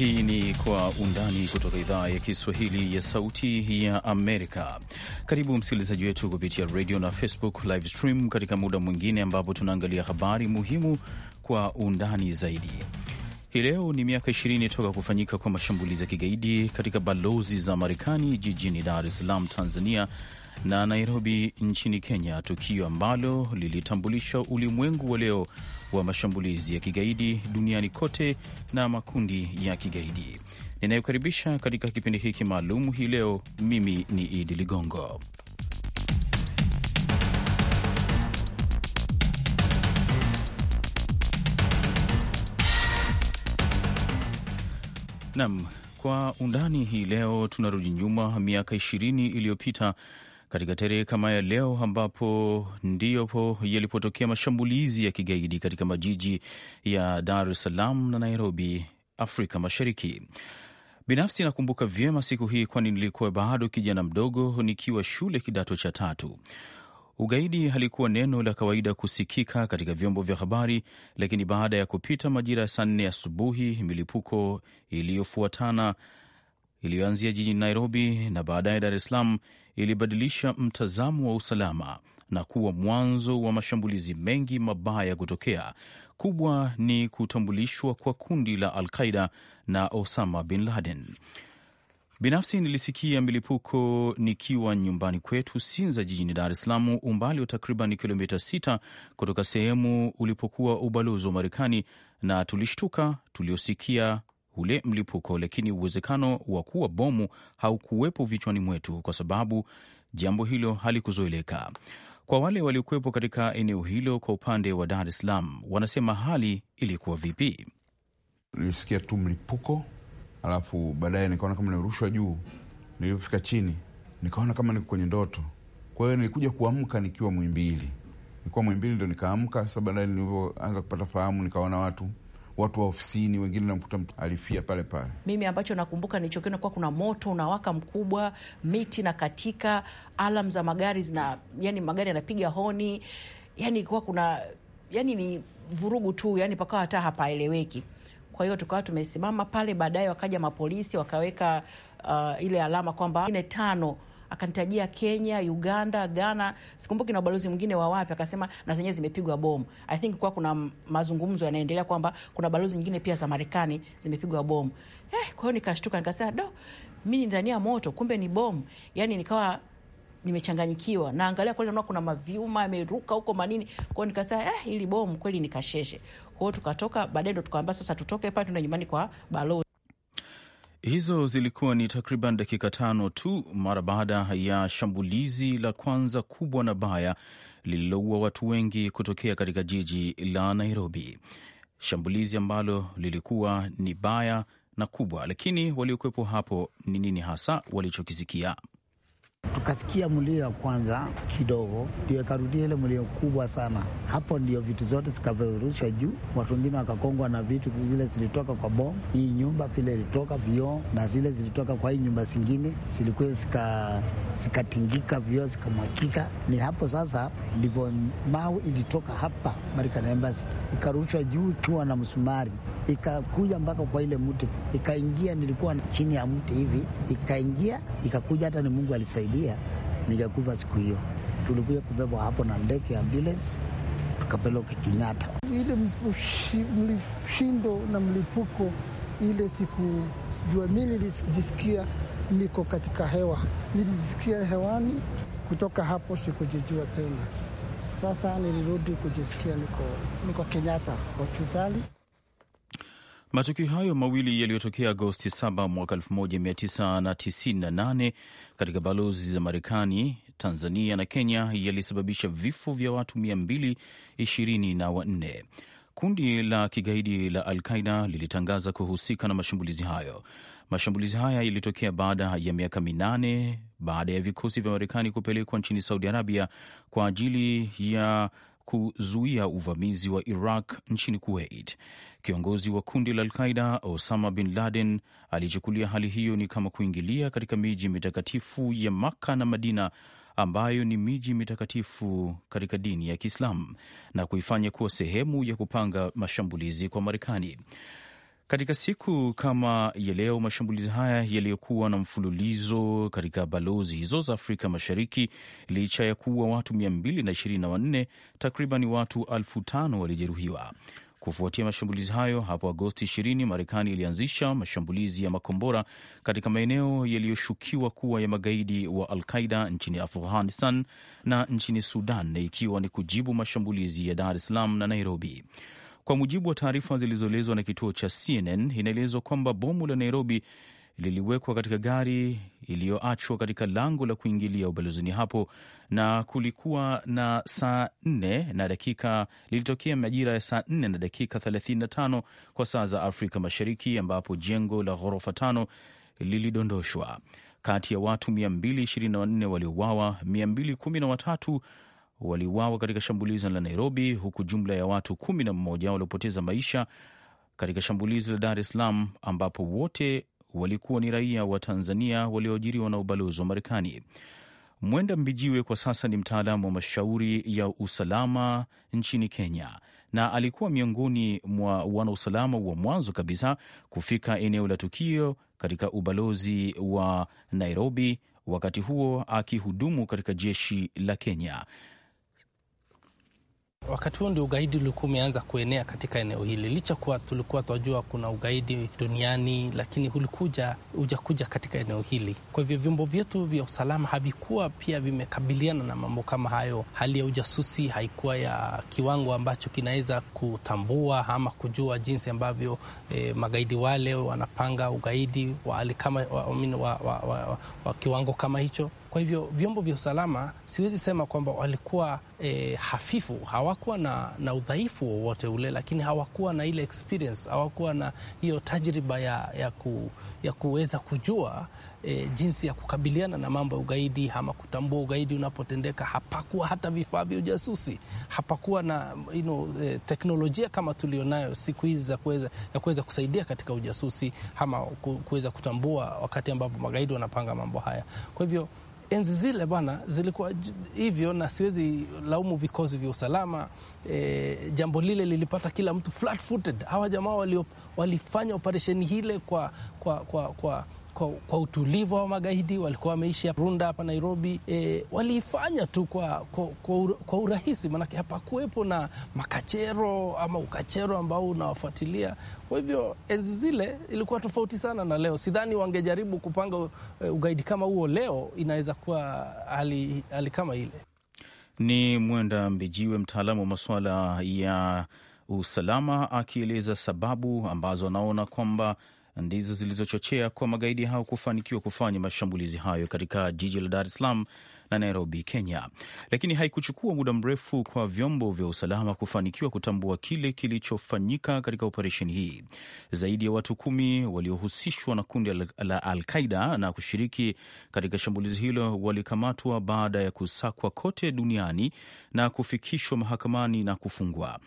Hii ni Kwa Undani kutoka idhaa ya Kiswahili ya Sauti ya Amerika. Karibu msikilizaji wetu kupitia radio na Facebook live stream katika muda mwingine ambapo tunaangalia habari muhimu kwa undani zaidi. Hii leo ni miaka 20 toka kufanyika kwa mashambulizi ya kigaidi katika balozi za Marekani jijini Dar es Salaam, Tanzania, na Nairobi nchini Kenya, tukio ambalo lilitambulisha ulimwengu wa leo wa mashambulizi ya kigaidi duniani kote na makundi ya kigaidi. Ninayokaribisha katika kipindi hiki maalum hii leo, mimi ni Idi Ligongo. Nam, kwa undani hii leo tunarudi nyuma miaka ishirini iliyopita katika tarehe kama ya leo ambapo ndiyopo yalipotokea mashambulizi ya kigaidi katika majiji ya Dar es Salaam na Nairobi, Afrika Mashariki. Binafsi nakumbuka vyema siku hii, kwani nilikuwa bado kijana mdogo nikiwa shule kidato cha tatu. Ugaidi halikuwa neno la kawaida kusikika katika vyombo vya habari, lakini baada ya kupita majira ya saa nne asubuhi, milipuko iliyofuatana iliyoanzia jijini Nairobi na baadaye Dar es Salaam ilibadilisha mtazamo wa usalama na kuwa mwanzo wa mashambulizi mengi mabaya kutokea. Kubwa ni kutambulishwa kwa kundi la Al-Qaida na Osama bin Laden. Binafsi nilisikia milipuko nikiwa nyumbani kwetu Sinza jijini Dar es Salaam, umbali wa takriban kilomita sita kutoka sehemu ulipokuwa ubalozi wa Marekani, na tulishtuka tuliosikia ule mlipuko, lakini uwezekano wa kuwa bomu haukuwepo vichwani mwetu kwa sababu jambo hilo halikuzoeleka. Kwa wale waliokuwepo katika eneo hilo kwa upande wa Dar es Salaam, wanasema hali ilikuwa vipi? Nilisikia tu mlipuko, alafu baadaye nikaona kama nimerushwa juu. Nilivyofika chini, nikaona kama niko kwenye ndoto. Kwa hiyo nilikuja kuamka nikiwa Mwimbili, nikuwa Mwimbili ndo nikaamka. Sasa baadaye nilivyoanza kupata fahamu, nikaona watu watu wa ofisini, wengine namkuta mtu alifia pale pale. Mimi ambacho nakumbuka nilichokiona kuwa kuna moto unawaka mkubwa, miti na katika alam za magari zina, yani magari yanapiga honi, yani kuwa kuna yani ni vurugu tu, yani pakawa hata hapaeleweki. Kwa hiyo tukawa tumesimama pale, baadaye wakaja mapolisi wakaweka uh, ile alama kwamba ine tano akanitajia Kenya, Uganda, Ghana, sikumbuki na ubalozi mwingine wa wapi, akasema na zenyewe zimepigwa bomu. I think kwa kuna mazungumzo yanaendelea kwamba kuna balozi nyingine pia za Marekani zimepigwa bomu. Eh, kwa hiyo nikashtuka, nikasema do, mi ya moto, kumbe ni bomu. Yani nikawa nimechanganyikiwa naangalia kweli, naona kuna mavyuma yameruka huko manini kwao, nikasema eh, ili bomu kweli, nikasheshe kwao. Tukatoka baadaye, ndo tukaambia sasa tutoke pale, tuende nyumbani kwa balozi. Hizo zilikuwa ni takriban dakika tano tu mara baada ya shambulizi la kwanza kubwa na baya lililoua watu wengi kutokea katika jiji la Nairobi, shambulizi ambalo lilikuwa ni baya na kubwa, lakini waliokuwepo hapo ni nini hasa walichokisikia? tukasikia mlio kwanza kidogo, ndio ikarudia ile mlio kubwa sana. Hapo ndio vitu zote zikapeperushwa juu, watu wengine wakakongwa na vitu zile zilitoka kwa bom hii nyumba vile ilitoka vioo, na zile zilitoka kwa hii nyumba zingine zilikuwa zikatingika vioo zikamwakika. Ni hapo sasa ndipo mawe ilitoka hapa Marekani Embasi ikarushwa juu ikiwa na msumari ikakuja mpaka kwa ile mti, ikaingia. Nilikuwa chini ya mti hivi, ikaingia ikakuja, hata ni Mungu alisaidia, nikakufa siku hiyo. Tulikuja kubebwa hapo na ndege ambulance, tukapeleka Kenyatta. Ile mshindo na mlipuko ile sikujua, mi nilijisikia niko katika hewa, nilijisikia hewani. Kutoka hapo sikujijua tena. Sasa nilirudi kujisikia niko, niko Kenyatta hospitali. Matukio hayo mawili yaliyotokea Agosti 7 mwaka 1998 katika balozi za Marekani, Tanzania na Kenya yalisababisha vifo vya watu 224. Kundi la kigaidi la Al-Qaida lilitangaza kuhusika na mashambulizi hayo. Mashambulizi haya yalitokea baada ya miaka minane baada ya vikosi vya Marekani kupelekwa nchini Saudi Arabia kwa ajili ya kuzuia uvamizi wa Iraq nchini Kuwait. Kiongozi wa kundi la Alqaida Osama bin Laden alichukulia hali hiyo ni kama kuingilia katika miji mitakatifu ya Makka na Madina ambayo ni miji mitakatifu katika dini ya Kiislamu na kuifanya kuwa sehemu ya kupanga mashambulizi kwa Marekani. Katika siku kama ya leo, mashambulizi haya yaliyokuwa na mfululizo katika balozi hizo za Afrika Mashariki, licha ya kuwa watu 224 takriban watu elfu tano walijeruhiwa. Kufuatia mashambulizi hayo hapo Agosti 20, Marekani ilianzisha mashambulizi ya makombora katika maeneo yaliyoshukiwa kuwa ya magaidi wa Al Qaida nchini Afghanistan na nchini Sudan, ikiwa ni kujibu mashambulizi ya Dar es Salaam na Nairobi. Kwa mujibu wa taarifa zilizoelezwa na kituo cha CNN, inaelezwa kwamba bomu la Nairobi liliwekwa katika gari iliyoachwa katika lango la kuingilia ubalozini hapo, na kulikuwa na saa nne na dakika lilitokea majira ya saa nne na dakika 35 kwa saa za Afrika Mashariki, ambapo jengo la ghorofa tano lilidondoshwa. Kati ya watu 224 waliouawa, 213 waliuawa katika shambulizi la Nairobi, huku jumla ya watu 11 waliopoteza maisha katika shambulizi la Dar es Salaam ambapo wote walikuwa ni raia wa Tanzania walioajiriwa na ubalozi wa Marekani. Mwenda Mbijiwe kwa sasa ni mtaalamu wa mashauri ya usalama nchini Kenya na alikuwa miongoni mwa wanausalama wa mwanzo kabisa kufika eneo la tukio katika ubalozi wa Nairobi, wakati huo akihudumu katika jeshi la Kenya wakati huo ndio ugaidi ulikuwa umeanza kuenea katika eneo hili, licha kuwa tulikuwa twajua kuna ugaidi duniani, lakini ulikuja ujakuja katika eneo hili. Kwa hivyo vyombo vyetu vya usalama havikuwa pia vimekabiliana na mambo kama hayo. Hali ya ujasusi haikuwa ya kiwango ambacho kinaweza kutambua ama kujua jinsi ambavyo eh, magaidi wale wanapanga ugaidi wa, wa, wa, wa, wa, wa, wa kiwango kama hicho. Kwa hivyo vyombo vya usalama siwezi sema kwamba walikuwa e, hafifu, hawakuwa na, na udhaifu wowote ule, lakini hawakuwa na ile experience, hawakuwa na hiyo tajriba ya, ya, ku, ya kuweza kujua e, jinsi ya kukabiliana na mambo ya ugaidi ama kutambua ugaidi unapotendeka. Hapakuwa hata vifaa vya ujasusi, hapakuwa na you know, eh, teknolojia kama tulionayo siku hizi ya kuweza kusaidia katika ujasusi ama kuweza kutambua wakati ambapo magaidi wanapanga mambo haya. Kwa hivyo enzi zile bwana zilikuwa hivyo, na siwezi laumu vikosi vya usalama e, jambo lile lilipata kila mtu flat footed. Hawa jamaa walifanya operesheni hile kwa, kwa, kwa, kwa kwa, kwa utulivu wa magaidi walikuwa wameishi Runda hapa Nairobi. E, waliifanya tu kwa, kwa, kwa, kwa urahisi, maanake hapakuwepo na makachero ama ukachero ambao unawafuatilia. Kwa hivyo enzi zile ilikuwa tofauti sana na leo. Sidhani wangejaribu kupanga e, ugaidi kama huo leo, inaweza kuwa hali, hali kama ile. Ni Mwenda Mbijiwe, mtaalamu wa masuala ya usalama, akieleza sababu ambazo anaona kwamba ndizo zilizochochea kwa magaidi hao kufanikiwa kufanya mashambulizi hayo katika jiji la Dar es Salaam na Nairobi, Kenya. Lakini haikuchukua muda mrefu kwa vyombo vya usalama kufanikiwa kutambua kile kilichofanyika katika operesheni hii. Zaidi ya watu kumi waliohusishwa na kundi la Al-Qaida na kushiriki katika shambulizi hilo walikamatwa baada ya kusakwa kote duniani na kufikishwa mahakamani na kufungwa.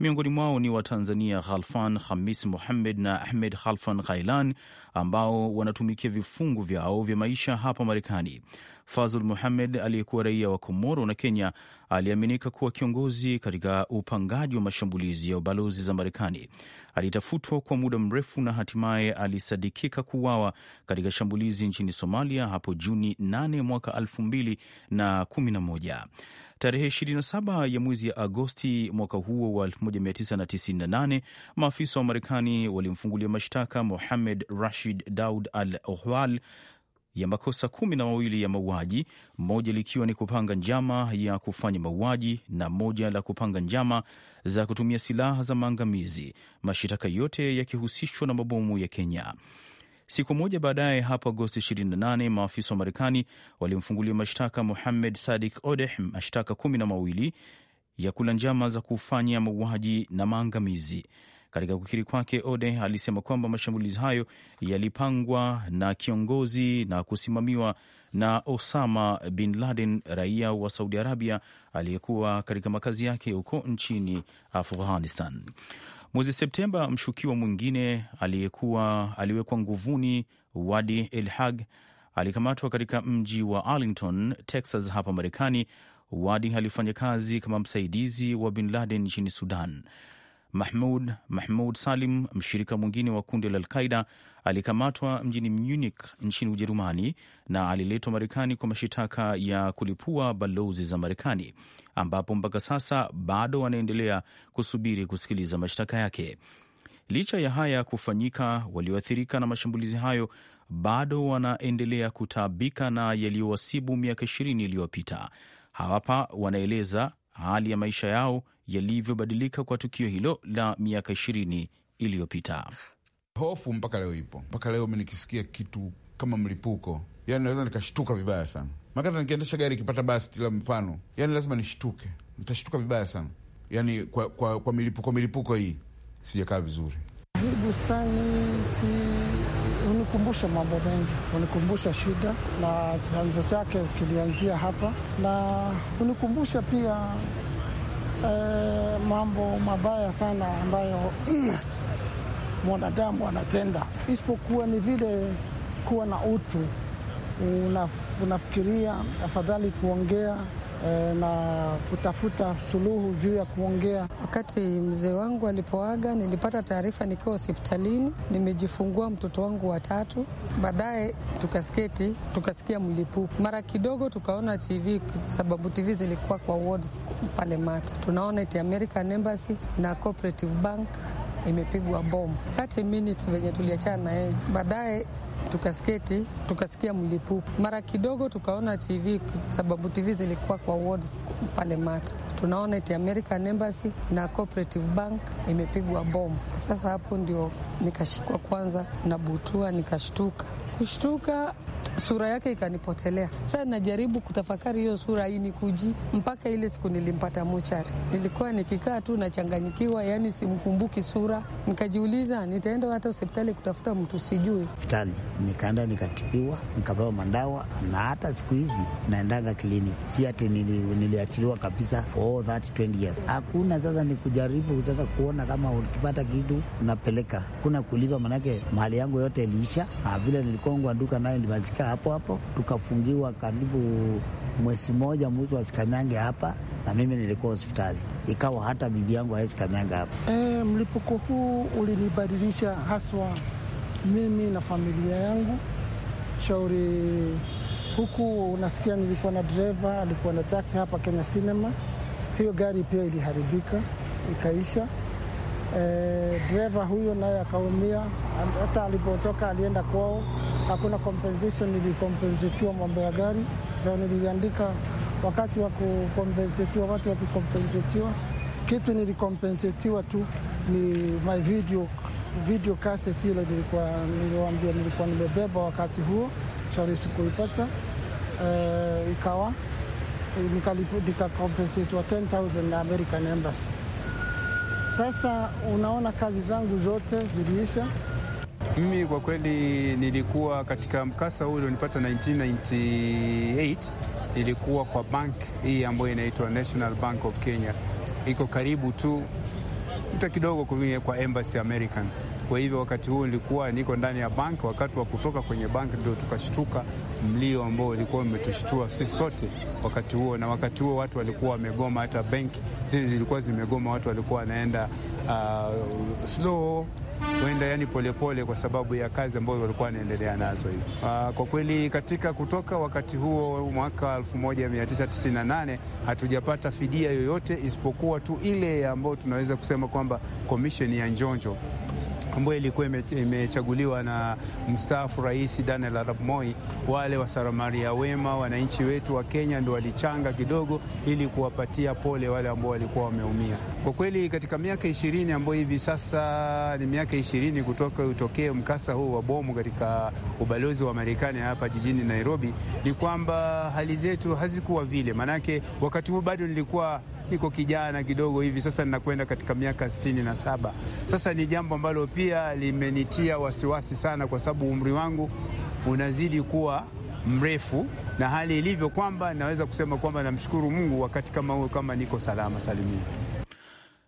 Miongoni mwao ni Watanzania ghalfan Hamis Muhammed na Ahmed ghalfan Ghailan ambao wanatumikia vifungu vyao vya maisha hapa Marekani. Fazul Muhamed aliyekuwa raia wa Komoro na Kenya aliaminika kuwa kiongozi katika upangaji wa mashambulizi ya ubalozi za Marekani. Alitafutwa kwa muda mrefu na hatimaye alisadikika kuuawa katika shambulizi nchini Somalia hapo Juni 8 mwaka 2011. Tarehe 27 ya mwezi ya Agosti mwaka huo wa 1998 maafisa wa Marekani walimfungulia mashtaka Mohamed Rashid Daud Al Ohwal ya makosa kumi na mawili ya mauaji, moja likiwa ni kupanga njama ya kufanya mauaji na moja la kupanga njama za kutumia silaha za maangamizi, mashitaka yote yakihusishwa na mabomu ya Kenya. Siku moja baadaye, hapo Agosti 28, maafisa wa Marekani walimfungulia mashtaka Muhamed Sadik Odeh mashtaka kumi na mawili ya kula njama za kufanya mauaji na maangamizi. Katika kukiri kwake, Ode alisema kwamba mashambulizi hayo yalipangwa na kiongozi na kusimamiwa na Osama bin Laden, raia wa Saudi Arabia aliyekuwa katika makazi yake huko nchini Afghanistan. Mwezi Septemba, mshukiwa mwingine aliyekuwa aliwekwa nguvuni Wadi El Hag alikamatwa katika mji wa Arlington, Texas, hapa Marekani. Wadi alifanya kazi kama msaidizi wa bin Laden nchini Sudan. Mahmud Mahmud Salim, mshirika mwingine wa kundi la Alqaida, alikamatwa mjini Munich nchini Ujerumani na aliletwa Marekani kwa mashitaka ya kulipua balozi za Marekani, ambapo mpaka sasa bado wanaendelea kusubiri kusikiliza mashtaka yake. Licha ya haya kufanyika, walioathirika na mashambulizi hayo bado wanaendelea kutaabika na yaliyowasibu miaka ishirini iliyopita. Hawapa wanaeleza hali ya maisha yao yalivyobadilika kwa tukio hilo la miaka ishirini iliyopita. Hofu mpaka leo ipo, mpaka leo mi nikisikia kitu kama mlipuko, yani naweza nikashtuka vibaya sana makata, nikiendesha gari ikipata basi tila mfano, yani lazima nishtuke, nitashtuka vibaya sana yani kwa, kwa, kwa milipuko milipuko hii sijakaa vizuri. Hii bustani si hunikumbusha mambo mengi, hunikumbusha shida na chanzo chake kilianzia hapa, na hunikumbusha pia eh, mambo mabaya sana ambayo mwanadamu anatenda, isipokuwa ni vile kuwa na utu unafikiria afadhali kuongea Eh, na kutafuta suluhu juu ya kuongea. Wakati mzee wangu alipoaga, nilipata taarifa nikiwa hospitalini, nimejifungua mtoto wangu wa tatu. Baadaye tukasketi, tukasikia mlipuko mara kidogo, tukaona TV sababu TV zilikuwa kwa pale Mata, tunaona iti American Embassy na Cooperative Bank imepigwa bomu 30 minutes venye tuliachana na yeye. Baadaye tukasketi, tukasikia mlipuko mara kidogo, tukaona TV sababu TV zilikuwa kwa ward pale Mata, tunaona ti American Embassy na Cooperative Bank imepigwa bomu. Sasa hapo ndio nikashikwa kwanza na butua, nikashtuka kushtuka sura yake ikanipotelea. Sasa najaribu kutafakari hiyo sura hii mpaka ile siku nilimpata mochari, nilikuwa nikikaa tu nachanganyikiwa, yani simkumbuki sura. Nikajiuliza nitaenda hata hospitali kutafuta mtu sijui hospitali, nikaenda nikatibiwa, nikapewa mandawa, na hata siku hizi naendaga kliniki, si ati niliachiliwa nili kabisa for that 20 years. Hakuna sasa ni kujaribu sasa kuona kama ukipata kitu unapeleka, kuna kulipa, manake mahali yangu yote iliisha, ah, vile nilikuwa ngwanduka nayo tukashika hapo hapo, tukafungiwa karibu mwezi mwezi wa sikanyange hapa, na mimi nilikuwa hospitali, ikawa hata bibi yangu hawezi kanyange hapa. E, mlipuko huu ulinibadilisha haswa mimi na familia yangu. Shauri huku unasikia, nilikuwa na dreva alikuwa na taksi hapa Kenya Cinema, hiyo gari pia iliharibika ikaisha. E, eh, dreva huyo naye akaumia, hata alipotoka alienda kwao hakuna compensation, nilikompensetiwa mambo ya gari ao, niliandika wakati wa kukompensetiwa, watu wakikompensetiwa kitu nilikompensetiwa tu ni my video video cassette ile nilikuwa niliwaambia nilikuwa nimebeba wakati huo, shauri sikuipata. Uh, ikawa nikakompensetiwa 10,000 na American Embassy. Sasa unaona kazi zangu zote ziliisha. Mimi kwa kweli nilikuwa katika mkasa huu ulionipata 1998 nilikuwa kwa bank hii ambayo inaitwa National Bank of Kenya, iko karibu tu mta kidogo kwa embassy American. Kwa hivyo wakati huo nilikuwa niko ndani ya bank, wakati wa kutoka kwenye bank ndio tukashtuka mlio ambao ulikuwa umetushtua sisi sote wakati huo, na wakati huo watu walikuwa wamegoma, hata benki zile zilikuwa zimegoma, watu walikuwa wanaenda uh, slow huenda yani polepole, kwa sababu ya kazi ambazo walikuwa wanaendelea nazo hivi. Ah, kwa kweli katika kutoka wakati huo mwaka 1998 hatujapata fidia yoyote isipokuwa tu ile ambayo tunaweza kusema kwamba komisheni ya Njonjo ambayo ilikuwa imechaguliwa na mstaafu Rais Daniel Arap Moi. Wale wasaramaria wema, wananchi wetu wa Kenya ndio walichanga kidogo, ili kuwapatia pole wale ambao walikuwa wameumia. Kwa kweli katika miaka ishirini ambayo hivi sasa ni miaka ishirini kutoka utokee mkasa huu wa bomu katika ubalozi wa Marekani hapa jijini Nairobi, ni kwamba hali zetu hazikuwa vile, maanake wakati huu bado nilikuwa niko kijana kidogo hivi sasa, ninakwenda katika miaka sitini na saba. Sasa ni jambo ambalo pia limenitia wasiwasi sana, kwa sababu umri wangu unazidi kuwa mrefu na hali ilivyo, kwamba naweza kusema kwamba namshukuru Mungu wakati kama huo, kama niko salama salimia.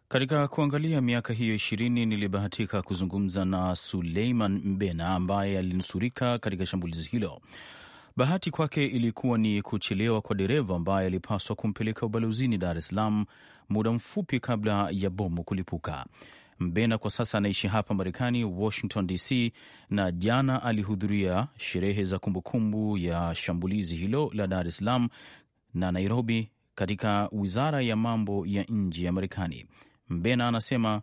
Katika kuangalia miaka hiyo ishirini nilibahatika kuzungumza na Suleiman Mbena ambaye alinusurika katika shambulizi hilo. Bahati kwake ilikuwa ni kuchelewa kwa dereva ambaye alipaswa kumpeleka ubalozini Dar es Salaam muda mfupi kabla ya bomu kulipuka. Mbena kwa sasa anaishi hapa Marekani, Washington DC, na jana alihudhuria sherehe za kumbukumbu ya shambulizi hilo la Dar es Salaam na Nairobi katika wizara ya mambo ya nje ya Marekani. Mbena anasema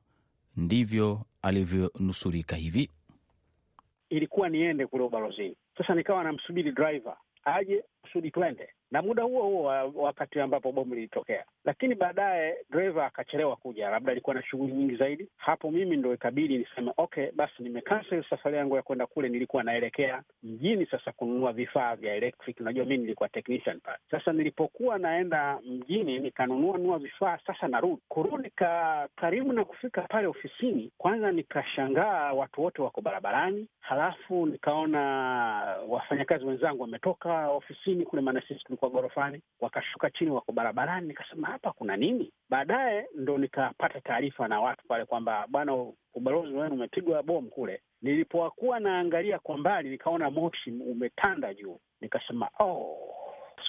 ndivyo alivyonusurika. Hivi ilikuwa niende kule ubalozini, sasa nikawa namsubiri driver aje kusudi twende na muda huo huo wakati ambapo bomu lilitokea, lakini baadaye dreva akachelewa kuja, labda alikuwa na shughuli nyingi zaidi. Hapo mimi ndo ikabidi niseme okay, basi nimekansel safari yangu ya kwenda kule. Nilikuwa naelekea mjini sasa kununua vifaa vya electric. Unajua mi nilikuwa technician pale. Sasa nilipokuwa naenda mjini nikanunua nua vifaa, sasa narudi kurudi ka karibu na kufika pale ofisini, kwanza nikashangaa watu wote wako barabarani, halafu nikaona wafanyakazi wenzangu wametoka ofisini kule Manasisi nilikuwa ghorofani, wakashuka chini, wako barabarani. Nikasema hapa kuna nini? Baadaye ndo nikapata taarifa na watu pale kwamba bwana, ubalozi wenu umepigwa bomu kule. Nilipokuwa naangalia kwa mbali, nikaona moshi umetanda juu, nikasema oh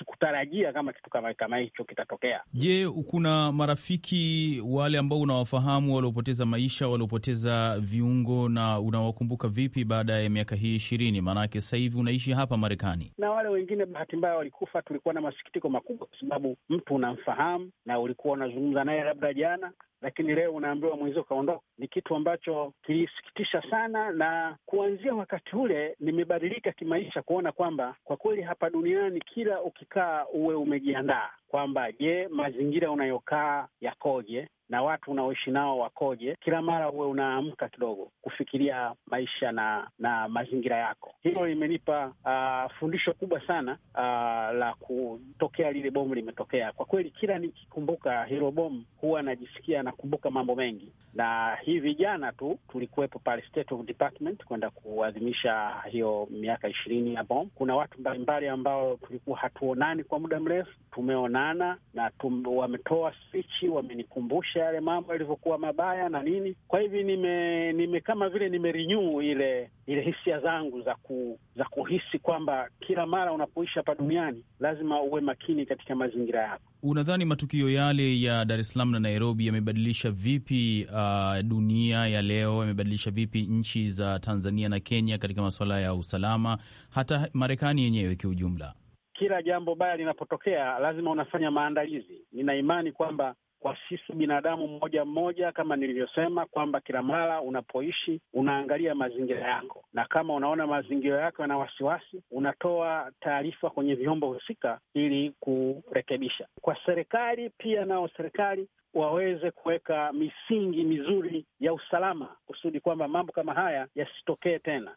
sikutarajia kama kitu kama kama hicho kitatokea. Je, kuna marafiki wale ambao unawafahamu waliopoteza maisha, waliopoteza viungo, na unawakumbuka vipi baada ya miaka hii ishirini? Maanake sasa hivi unaishi hapa Marekani. Na wale wengine bahati mbaya walikufa, tulikuwa na masikitiko makubwa, kwa sababu mtu unamfahamu na ulikuwa unazungumza naye labda jana lakini leo unaambiwa mwenzio ukaondoka Ni kitu ambacho kilisikitisha sana, na kuanzia wakati ule nimebadilika kimaisha, kuona kwamba kwa kweli hapa duniani kila uki mpaka uwe umejiandaa kwamba je, mazingira unayokaa yakoje na watu unaoishi nao wakoje. Kila mara huwe unaamka kidogo kufikiria maisha na na mazingira yako. Hilo limenipa uh, fundisho kubwa sana uh, la kutokea lile bomu limetokea. Kwa kweli, kila nikikumbuka hilo bomu huwa najisikia nakumbuka mambo mengi, na hivi jana tu tulikuwepo pale State of Department kwenda kuadhimisha hiyo miaka ishirini ya bomu. Kuna watu mbalimbali ambao tulikuwa hatuonani kwa muda mrefu, tumeona sana, na wametoa spichi, wamenikumbusha yale mambo yalivyokuwa mabaya na nini. Kwa hivi nime, nime kama vile nimerinyuu ile ile hisia zangu za ku, za kuhisi kwamba kila mara unapoishi hapa duniani lazima uwe makini katika mazingira yako. Unadhani matukio yale ya Dar es Salaam na Nairobi yamebadilisha vipi uh, dunia ya leo? Yamebadilisha vipi nchi za Tanzania na Kenya katika masuala ya usalama, hata Marekani yenyewe kiujumla? kila jambo baya linapotokea lazima unafanya maandalizi. Nina imani kwamba kwa sisi binadamu mmoja mmoja, kama nilivyosema kwamba kila mara unapoishi unaangalia mazingira yako, na kama unaona mazingira yako yana wasiwasi, unatoa taarifa kwenye vyombo husika ili kurekebisha. Kwa serikali pia, nao serikali waweze kuweka misingi mizuri ya usalama kusudi kwamba mambo kama haya yasitokee tena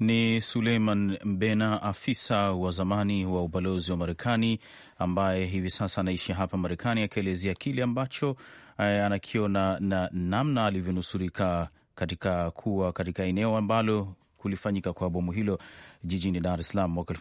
ni Suleiman Mbena, afisa wa zamani wa ubalozi wa Marekani ambaye hivi sasa anaishi hapa Marekani, akielezea kile ambacho eh, anakiona na namna alivyonusurika katika kuwa katika eneo ambalo kulifanyika kwa bomu hilo jijini Dar es Salaam mwaka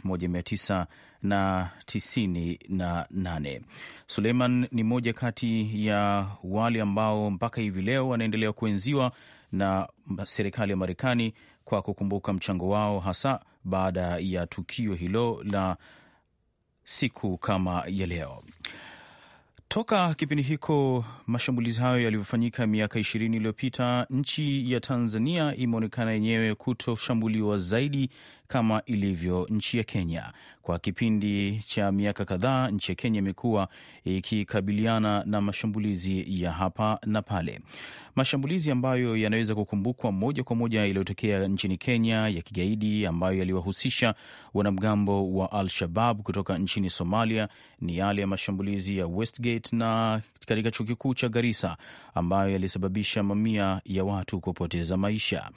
nane. Suleiman ni mmoja kati ya wale ambao mpaka hivi leo wanaendelea kuenziwa na serikali ya Marekani kwa kukumbuka mchango wao hasa baada ya tukio hilo la siku kama ya leo. Toka kipindi hiko mashambulizi hayo yaliyofanyika miaka ishirini iliyopita, nchi ya Tanzania imeonekana yenyewe kutoshambuliwa zaidi kama ilivyo nchi ya Kenya. Kwa kipindi cha miaka kadhaa, nchi ya Kenya imekuwa ikikabiliana na mashambulizi ya hapa na pale, mashambulizi ambayo yanaweza kukumbukwa moja kwa moja yaliyotokea nchini Kenya ya kigaidi ambayo yaliwahusisha wanamgambo wa Al-Shabab kutoka nchini Somalia ni yale ya mashambulizi ya Westgate na katika chuo kikuu cha Garissa ambayo yalisababisha mamia ya watu kupoteza maisha.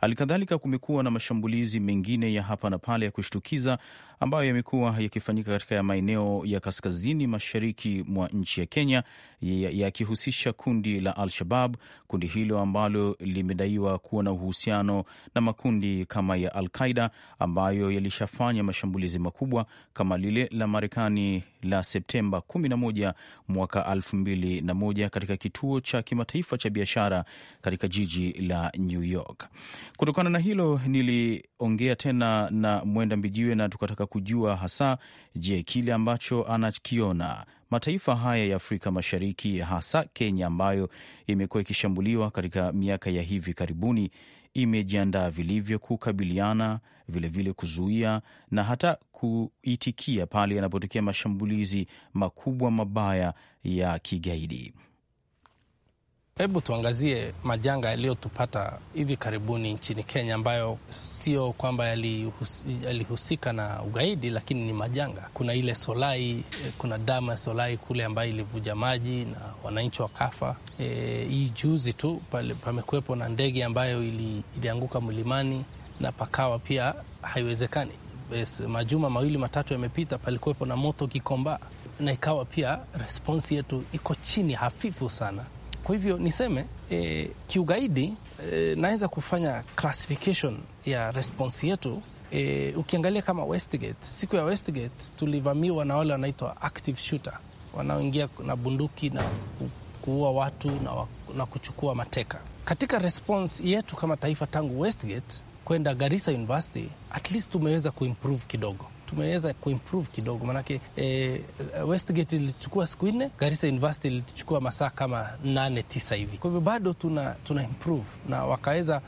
Halikadhalika, kumekuwa na mashambulizi mengine ya hapa na pale ya kushtukiza ambayo yamekuwa yakifanyika katika maeneo ya kaskazini mashariki mwa nchi ya Kenya yakihusisha ya kundi la Al-Shabab, kundi hilo ambalo limedaiwa kuwa na uhusiano na makundi kama ya Al-Qaida ambayo yalishafanya mashambulizi makubwa kama lile la Marekani la Septemba 11 mwaka 2001 katika kituo cha kimataifa cha biashara katika jiji la New York. Kutokana na hilo niliongea tena na, na Mwenda Mbijiwe, na tukataka kujua hasa, je, kile ambacho anakiona mataifa haya ya Afrika Mashariki, hasa Kenya ambayo imekuwa ikishambuliwa katika miaka ya hivi karibuni imejiandaa vilivyo kukabiliana vilevile vile kuzuia na hata kuitikia pale yanapotokea mashambulizi makubwa mabaya ya kigaidi. Hebu tuangazie majanga yaliyotupata hivi karibuni nchini Kenya, ambayo sio kwamba yalihusika na ugaidi, lakini ni majanga. Kuna ile Solai, kuna damu ya Solai kule ambayo ilivuja maji na wananchi wakafa. E, hii juzi tu pamekuwepo na ndege ambayo ili, ilianguka mlimani na pakawa pia haiwezekani. E, majuma mawili matatu yamepita, palikuwepo na moto kikomba na ikawa pia responsi yetu iko chini hafifu sana kwa hivyo niseme e, kiugaidi e, naweza kufanya classification ya response yetu e, ukiangalia kama Westgate, siku ya Westgate tulivamiwa na wale wanaitwa active shooter wanaoingia na bunduki na kuua watu na, na kuchukua mateka. Katika response yetu kama taifa tangu Westgate kwenda Garissa University, at least tumeweza kuimprove kidogo tumeweza kuimprove kidogo, manake e, Westgate ilichukua siku nne, Garissa University ilichukua masaa kama nane tisa hivi. Kwa hivyo bado tuna, tuna improve na wakaweza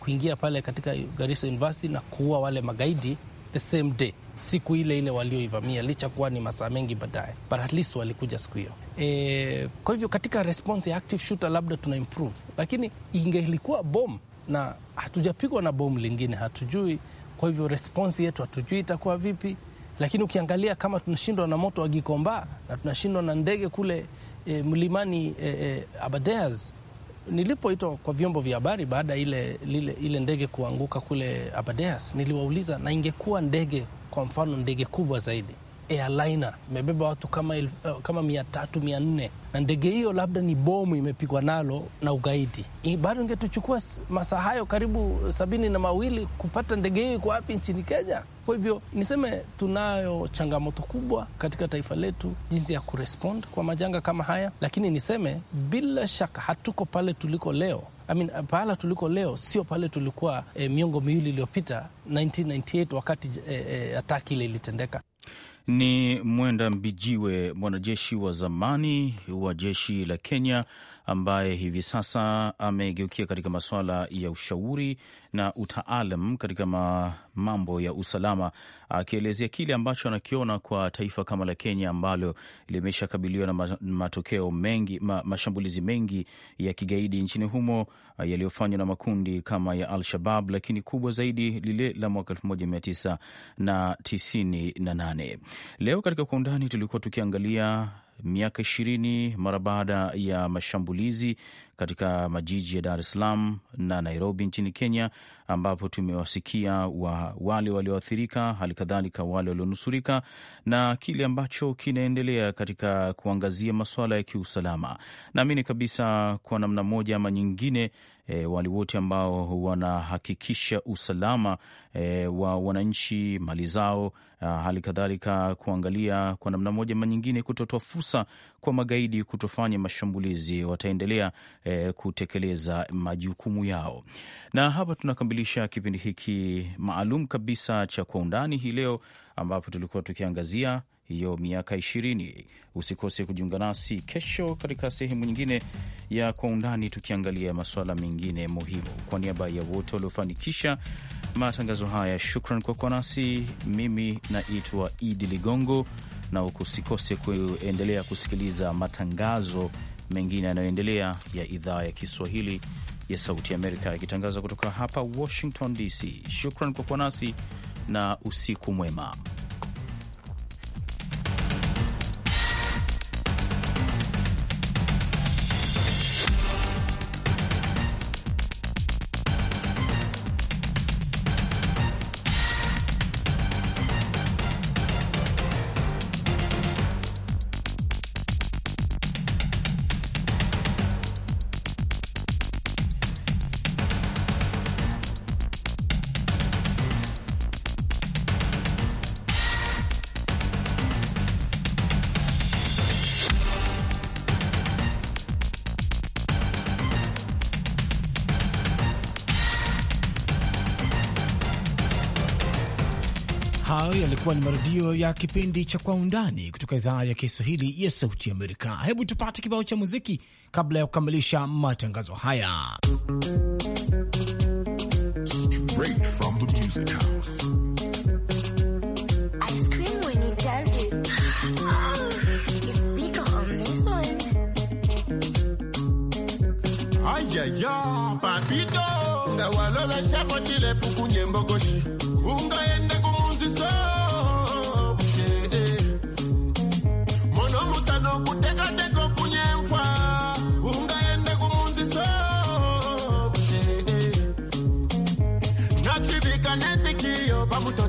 kuingia pale katika Garissa University na kuua wale magaidi the same day siku ile ile walioivamia, licha kuwa ni masaa mengi baadaye, but at least walikuja siku hiyo. E, kwa hivyo katika response ya active shooter labda tuna improve, lakini ingelikuwa bom na hatujapigwa na bomu lingine, hatujui kwa hivyo responsi yetu hatujui itakuwa vipi, lakini ukiangalia kama tunashindwa na moto wa Gikomba na tunashindwa na ndege kule e, mlimani e, eh, e, eh, Abadeas. Nilipoitwa kwa vyombo vya habari baada ile, ile, ile ndege kuanguka kule Abadeas, niliwauliza na ingekuwa ndege kwa mfano ndege kubwa zaidi airliner imebeba watu kama, uh, kama mia tatu mia nne na ndege hiyo labda ni bomu imepigwa nalo na ugaidi. Bado ingetuchukua masaa hayo karibu sabini na mawili kupata ndege hiyo iko wapi nchini Kenya. Kwa hivyo niseme tunayo changamoto kubwa katika taifa letu, jinsi ya kurespond kwa majanga kama haya, lakini niseme bila shaka hatuko pale tuliko leo. I mean, pahala tuliko leo sio pale tulikuwa eh, miongo miwili iliyopita 1998 wakati eh, eh, ataki ile ilitendeka ni Mwenda Mbijiwe, mwanajeshi wa zamani wa jeshi la Kenya ambaye hivi sasa amegeukia katika masuala ya ushauri na utaalam katika mambo ya usalama, akielezea kile ambacho anakiona kwa taifa kama la Kenya ambalo limeshakabiliwa na matokeo mengi, ma, mashambulizi mengi ya kigaidi nchini humo uh, yaliyofanywa na makundi kama ya Al-Shabab, lakini kubwa zaidi lile la mwaka 1998. Leo katika kwa undani tulikuwa tukiangalia miaka ishirini mara baada ya mashambulizi katika majiji ya Dar es Salaam na Nairobi nchini Kenya, ambapo tumewasikia wa wale walioathirika, hali kadhalika wale walionusurika na kile ambacho kinaendelea katika kuangazia masuala ya kiusalama. Naamini kabisa kwa namna moja ama nyingine E, wale wote ambao wanahakikisha usalama e, wa wananchi, mali zao, hali kadhalika kuangalia kwa namna moja ama nyingine kutotoa fursa kwa magaidi kutofanya mashambulizi, wataendelea e, kutekeleza majukumu yao. Na hapa tunakamilisha kipindi hiki maalum kabisa cha Kwa Undani hii leo, ambapo tulikuwa tukiangazia hiyo miaka ishirini. Usikose kujiunga nasi kesho katika sehemu nyingine ya Kwa Undani, tukiangalia masuala mengine muhimu. Kwa niaba ya wote waliofanikisha matangazo haya, shukran kwa kuwa nasi. Mimi naitwa Idi Ligongo na usikose kuendelea kusikiliza matangazo mengine yanayoendelea ya idhaa ya Kiswahili ya Sauti ya Amerika yakitangaza kutoka hapa Washington DC. Shukran kwa kuwa nasi na usiku mwema. Hayo yalikuwa ni marudio ya kipindi cha Kwa Undani kutoka idhaa ya Kiswahili ya Sauti Amerika. Hebu tupate kibao cha muziki kabla ya kukamilisha matangazo haya. Ayaya, papito ngawalola shapo pukunye mbogoshi ungaenda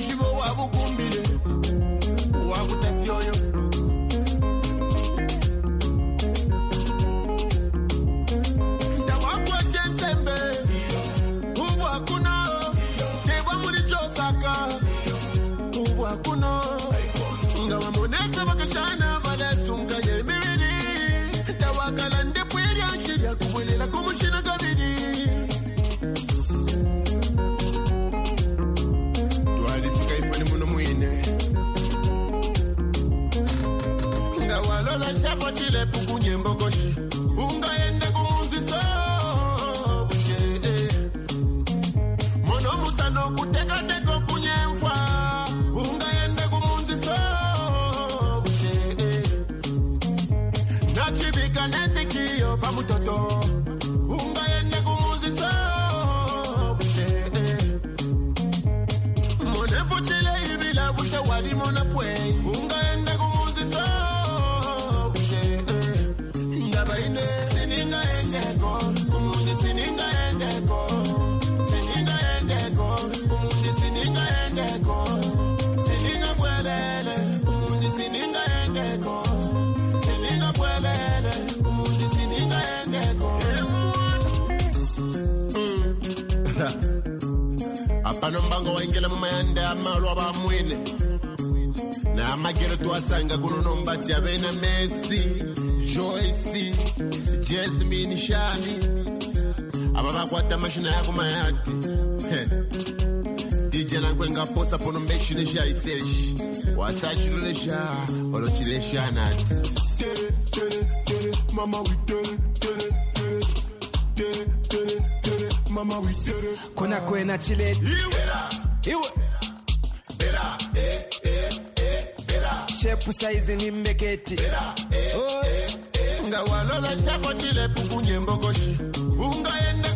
shibo wabukumbile tebwa muri Makochile puku nyembokoshi mala mumanda maroba mwene namagero twasanga kurunombati avena messi joyce jasmin shani ava vakwata mashina yako mayati posa pono mbeshine shaiseshi wasachilulesha olocileshanati Mama, we did it, did it, did it, Mama, we did it. Kuna kwena chilet iwe bera eh eh eh bera shape size ni mbeketi bera eh oh. eh, eh. ngawalola chako chile pukunye mbogoshi ende.